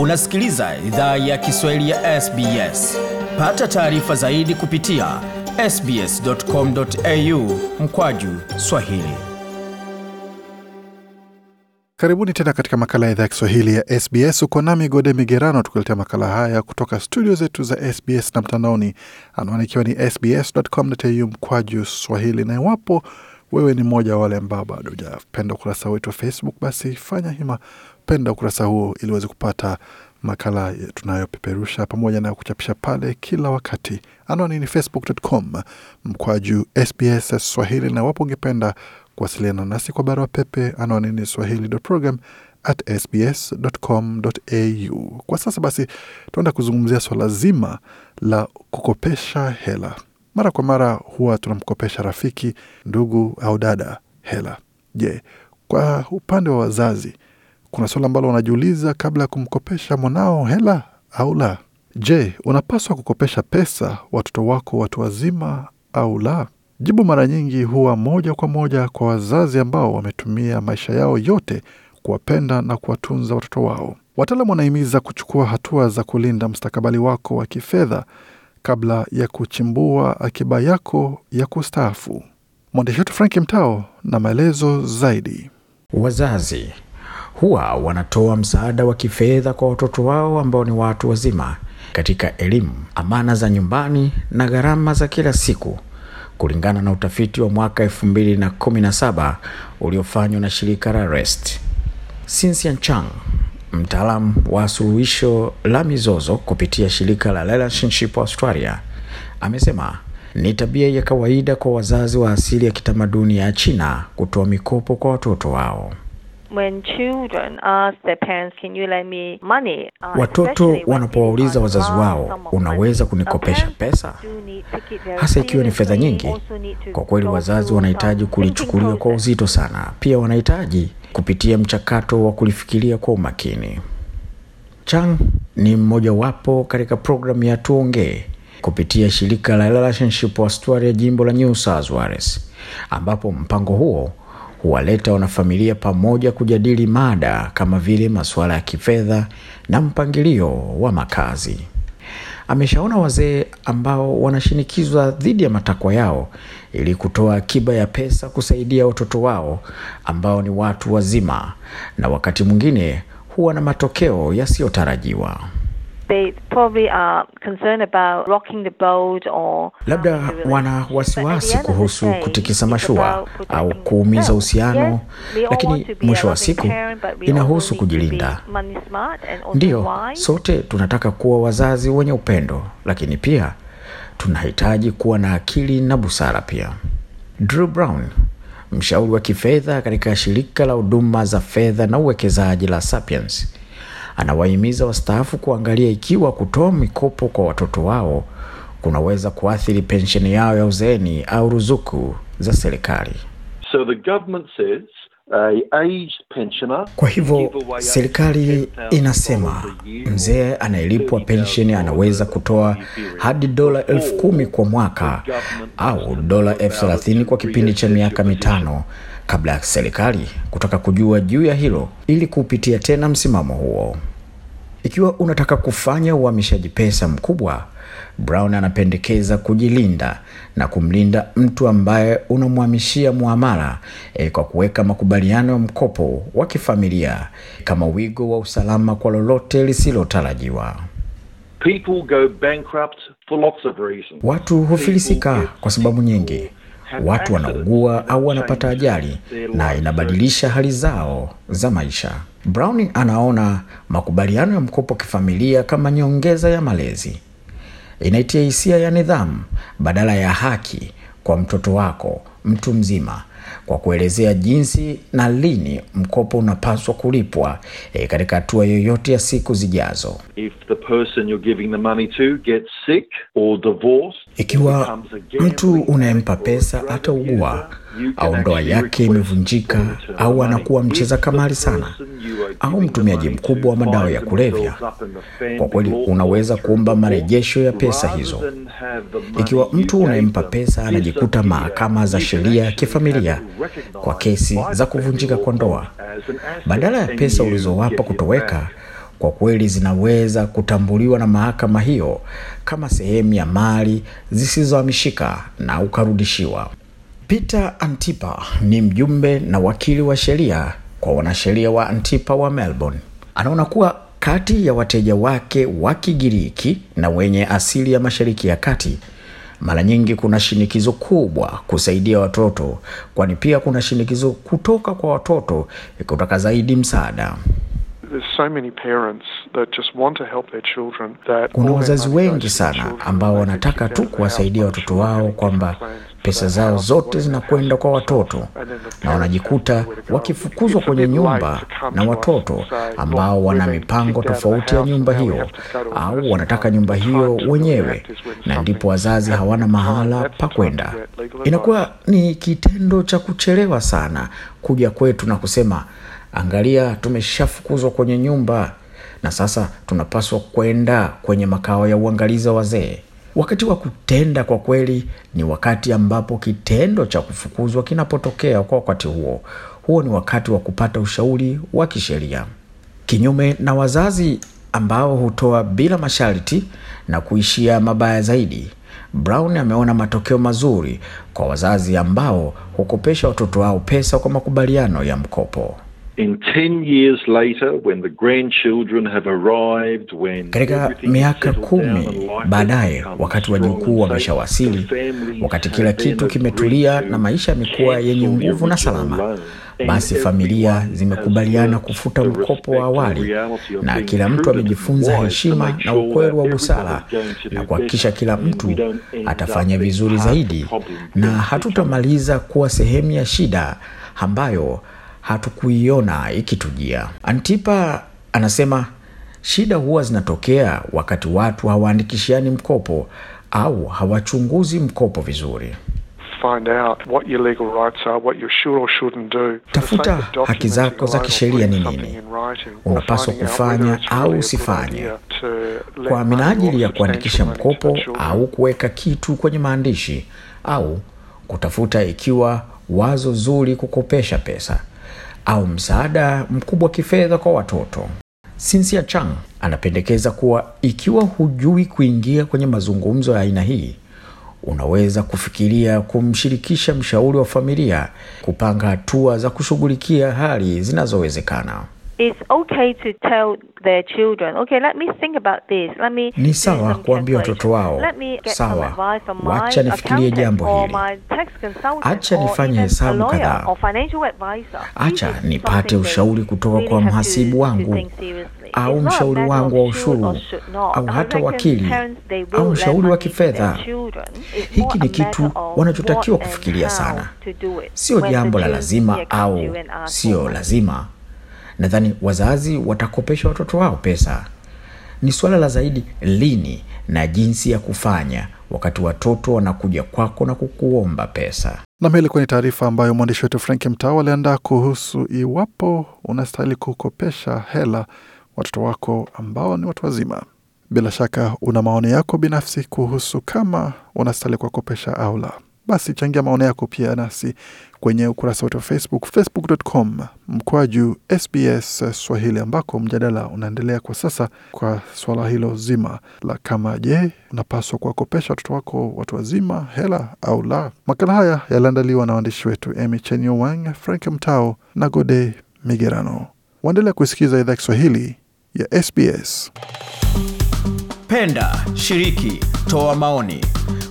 Unasikiliza idhaa ya Kiswahili ya SBS. Pata taarifa zaidi kupitia sbs.com.au mkwaju swahili. Karibuni tena katika makala ya idhaa ya Kiswahili ya SBS. Uko nami Gode Migerano tukuletea makala haya kutoka studio zetu za SBS na mtandaoni, anwani ikiwa ni sbs.com.au mkwaju swahili. Na iwapo wewe ni mmoja wa wale ambao bado ujapenda ukurasa wetu wa Facebook, basi fanya hima kupenda ukurasa huo ili uweze kupata makala tunayopeperusha pamoja na kuchapisha pale kila wakati. Anwani ni facebook.com mkwaju SBS Swahili, na wapo ungependa kuwasiliana nasi kwa barua pepe, anwani ni swahili.program Kwa sasa basi, tunaenda kuzungumzia swala zima la kukopesha hela. Mara kwa mara huwa tunamkopesha rafiki, ndugu au dada hela. Je, kwa upande wa wazazi kuna swala ambalo wanajiuliza kabla ya kumkopesha mwanao hela au la. Je, unapaswa kukopesha pesa watoto wako watu wazima au la? Jibu mara nyingi huwa moja kwa moja kwa wazazi ambao wametumia maisha yao yote kuwapenda na kuwatunza watoto wao. Wataalamu wanahimiza kuchukua hatua za kulinda mstakabali wako wa kifedha kabla ya kuchimbua akiba yako ya kustaafu. Mwandishi wetu Frank Mtao na maelezo zaidi. Wazazi huwa wanatoa msaada wa kifedha kwa watoto wao ambao ni watu wazima katika elimu, amana za nyumbani na gharama za kila siku, kulingana na utafiti wa mwaka 2017 uliofanywa na shirika la REST. Sinsian Chang, mtaalamu wa suluhisho la mizozo kupitia shirika la Relationship Australia, amesema ni tabia ya kawaida kwa wazazi wa asili ya kitamaduni ya China kutoa mikopo kwa watoto wao. When children ask their parents, Can you lend me money? Uh, watoto wanapowauliza wazazi wao, unaweza kunikopesha pesa, hasa ikiwa ni fedha nyingi. Kwa kweli, wazazi wanahitaji kulichukulia kwa uzito sana. Pia wanahitaji kupitia mchakato wa kulifikiria kwa umakini. Chang ni mmojawapo katika programu ya Tuongee kupitia shirika la Relationship Australia jimbo la New South Wales, ambapo mpango huo huwaleta wanafamilia pamoja kujadili mada kama vile masuala ya kifedha na mpangilio wa makazi. Ameshaona wazee ambao wanashinikizwa dhidi ya matakwa yao ili kutoa akiba ya pesa kusaidia watoto wao ambao ni watu wazima na wakati mwingine huwa na matokeo yasiyotarajiwa labda wana wasiwasi kuhusu kutikisa mashua au kuumiza uhusiano, lakini mwisho wa siku inahusu kujilinda. Ndiyo, sote tunataka kuwa wazazi wenye upendo, lakini pia tunahitaji kuwa na akili na busara pia. Drew Brown mshauri wa kifedha katika shirika la huduma za fedha na uwekezaji la Sapiens Anawahimiza wastaafu kuangalia ikiwa kutoa mikopo kwa watoto wao kunaweza kuathiri pensheni yao ya uzeeni au ruzuku za serikali. So the government says kwa hivyo serikali inasema mzee anayelipwa pensheni anaweza kutoa hadi dola elfu kumi kwa mwaka au dola elfu thelathini kwa kipindi cha miaka mitano kabla ya serikali kutaka kujua juu ya hilo ili kuupitia tena msimamo huo. Ikiwa unataka kufanya uhamishaji pesa mkubwa, Brown anapendekeza kujilinda na kumlinda mtu ambaye unamhamishia muamala e, kwa kuweka makubaliano ya mkopo wa kifamilia kama wigo wa usalama kwa lolote lisilotarajiwa. Watu hufilisika kwa sababu nyingi watu wanaugua au wanapata ajali na inabadilisha hali zao za maisha. Browning anaona makubaliano ya mkopo kifamilia kama nyongeza ya malezi, inaitia hisia ya nidhamu badala ya haki kwa mtoto wako mtu mzima kwa kuelezea jinsi na lini mkopo unapaswa kulipwa e, katika hatua yoyote ya siku zijazo. If the person you're giving the money to gets sick or divorced, ikiwa mtu unayempa pesa ataugua au ndoa yake imevunjika au anakuwa mcheza kamari sana au mtumiaji mkubwa wa madawa ya kulevya, kwa kweli unaweza kuomba marejesho ya pesa hizo. Ikiwa mtu unayempa pesa anajikuta mahakama za sheria ya kifamilia kisheria kwa kesi za kuvunjika kwa ndoa. Badala ya pesa ulizowapa kutoweka, kwa kweli zinaweza kutambuliwa na mahakama hiyo kama sehemu ya mali zisizohamishika na ukarudishiwa. Peter Antipa ni mjumbe na wakili wa sheria kwa wanasheria wa Antipa wa Melbourne. Anaona kuwa kati ya wateja wake wa Kigiriki na wenye asili ya Mashariki ya Kati mara nyingi kuna shinikizo kubwa kusaidia watoto, kwani pia kuna shinikizo kutoka kwa watoto kutaka zaidi msaada. There's so many parents kuna wazazi wengi sana ambao wanataka tu kuwasaidia watoto wao kwamba pesa zao zote zinakwenda kwa watoto na wanajikuta wakifukuzwa kwenye nyumba na watoto ambao wana mipango tofauti ya nyumba hiyo au wanataka nyumba hiyo wenyewe, na ndipo wazazi hawana mahala pa kwenda. Inakuwa ni kitendo cha kuchelewa sana kuja kwetu na kusema, angalia, tumeshafukuzwa kwenye nyumba na sasa tunapaswa kwenda kwenye makao ya uangalizi wa wazee wakati wa kutenda kwa kweli ni wakati ambapo kitendo cha kufukuzwa kinapotokea kwa wakati huo huo ni wakati wa kupata ushauri wa kisheria kinyume na wazazi ambao hutoa bila masharti na kuishia mabaya zaidi brown ameona matokeo mazuri kwa wazazi ambao hukopesha watoto wao pesa kwa makubaliano ya mkopo katika miaka kumi baadaye, wakati wajukuu wameshawasili, wakati kila kitu kimetulia na maisha yamekuwa yenye nguvu na salama, basi familia zimekubaliana kufuta mkopo wa awali, na kila mtu amejifunza heshima na ukweli wa busara, na kuhakikisha kila mtu atafanya vizuri zaidi, na hatutamaliza kuwa sehemu ya shida ambayo hatukuiona ikitujia. Antipa anasema shida huwa zinatokea wakati watu hawaandikishiani mkopo au hawachunguzi mkopo vizuri. Find out what your legal rights are, what you should or shouldn't do. Tafuta haki zako za kisheria ni nini, unapaswa kufanya au usifanye kwa minajili ya kuandikisha mkopo au kuweka kitu kwenye maandishi au kutafuta ikiwa wazo zuri kukopesha pesa au msaada mkubwa kifedha kwa watoto sinsia chang anapendekeza kuwa ikiwa hujui kuingia kwenye mazungumzo ya aina hii unaweza kufikiria kumshirikisha mshauri wa familia kupanga hatua za kushughulikia hali zinazowezekana It's okay to tell their children, okay, let me think about this. Let me ni sawa kuambia watoto wao, sawa, wacha nifikirie jambo hili, acha nifanye hesabu kadhaa, acha nipate ushauri kutoka kwa mhasibu wangu au mshauri wangu wa ushuru au hata wakili au mshauri wa kifedha. Hiki ni kitu wanachotakiwa kufikiria sana, sio jambo la lazima au sio lazima nadhani wazazi watakopesha watoto wao pesa ni suala la zaidi lini na jinsi ya kufanya wakati watoto wanakuja kwako na kukuomba pesa nam hii ilikuwa ni taarifa ambayo mwandishi wetu frank mtao aliandaa kuhusu iwapo unastahili kukopesha hela watoto wako ambao ni watu wazima bila shaka una maoni yako binafsi kuhusu kama unastahili kuwakopesha au la basi changia maoni yako pia nasi kwenye ukurasa wetu wa Facebook, facebook.com juu SBS Swahili, ambako mjadala unaendelea kwa sasa kwa swala hilo zima la kama, je, unapaswa kuwakopesha watoto wako watu wazima hela au la? Makala haya yaliandaliwa na waandishi wetu Emy Chenyo Wang, Frank Mtao na Gode Migerano. Waendelea kuisikiza idhaa Kiswahili ya SBS. Penda, shiriki, toa maoni